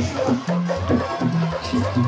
Thank you.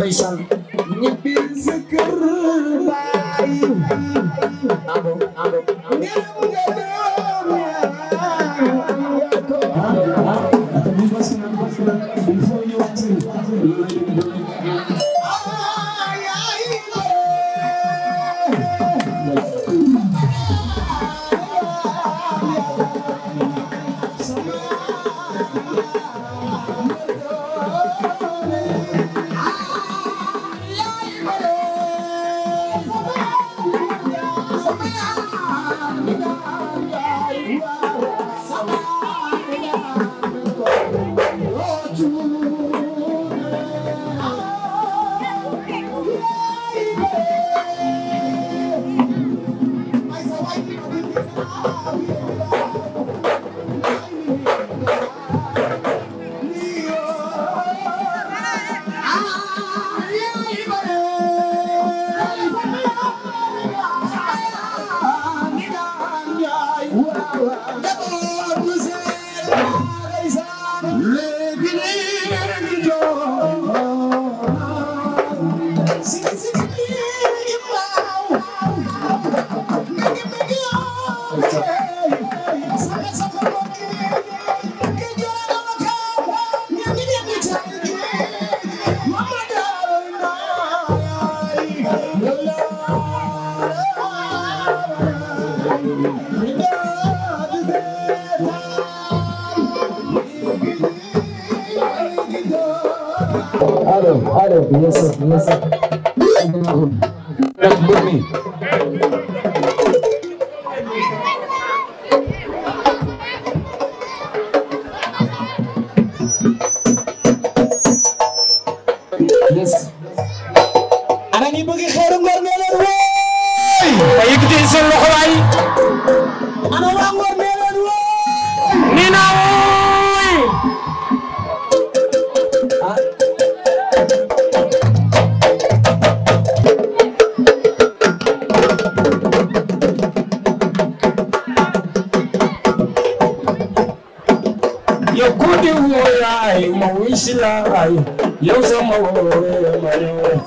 ndeysaan ñibbil sa kër baay yes sir yes sir ndax mbër mi diwoo yaay ma wuy si laay yow sama woore ma yow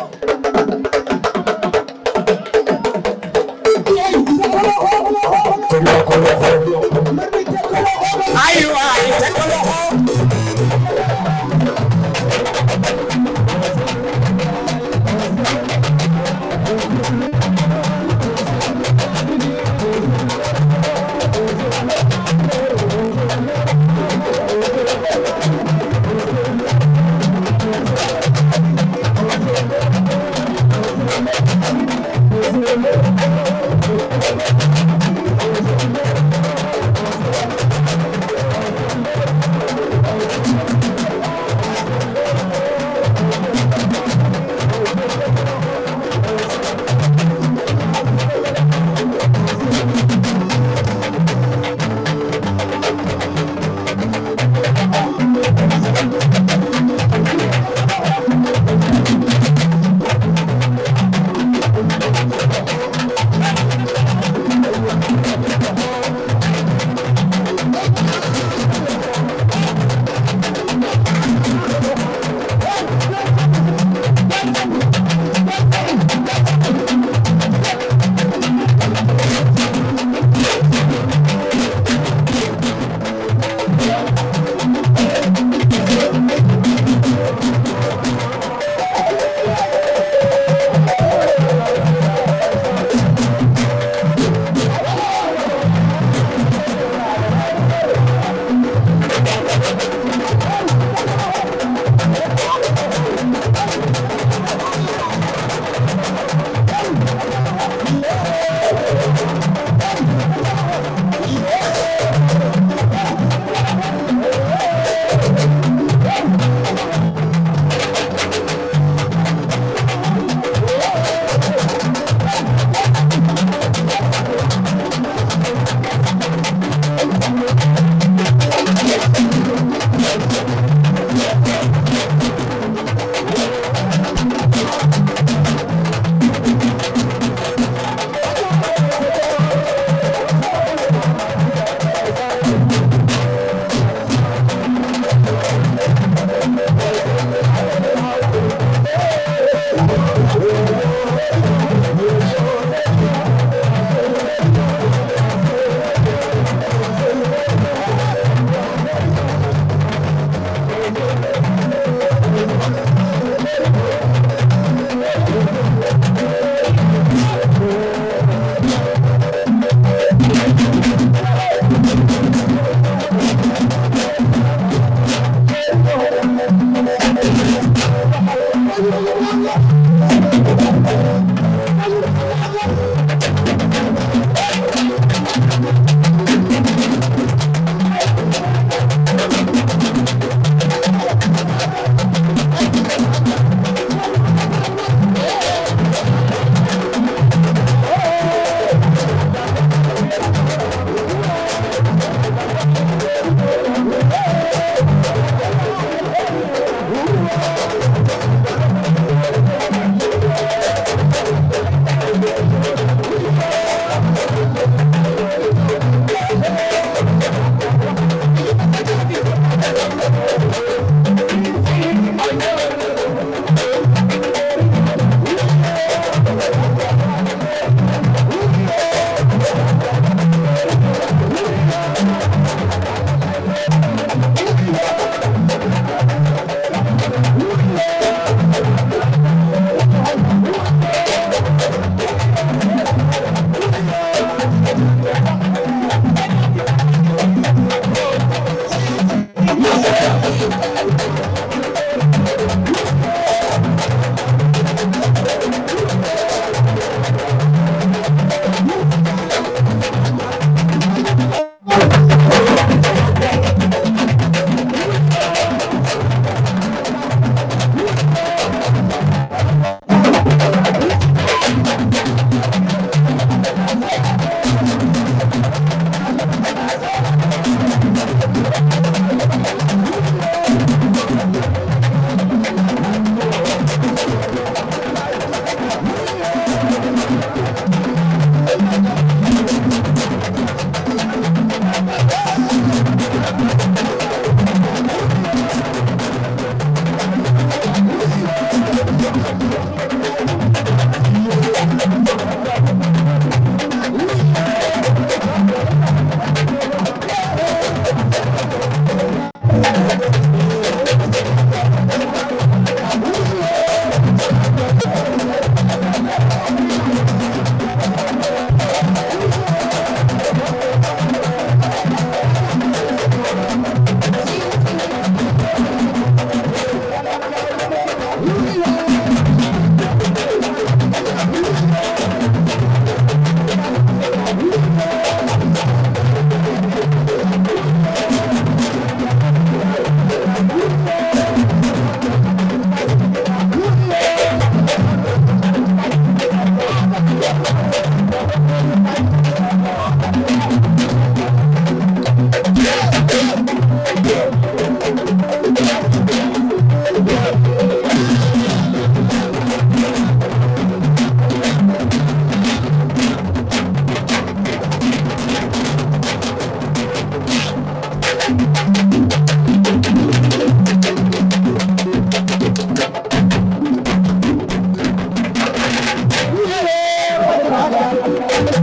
Thank you.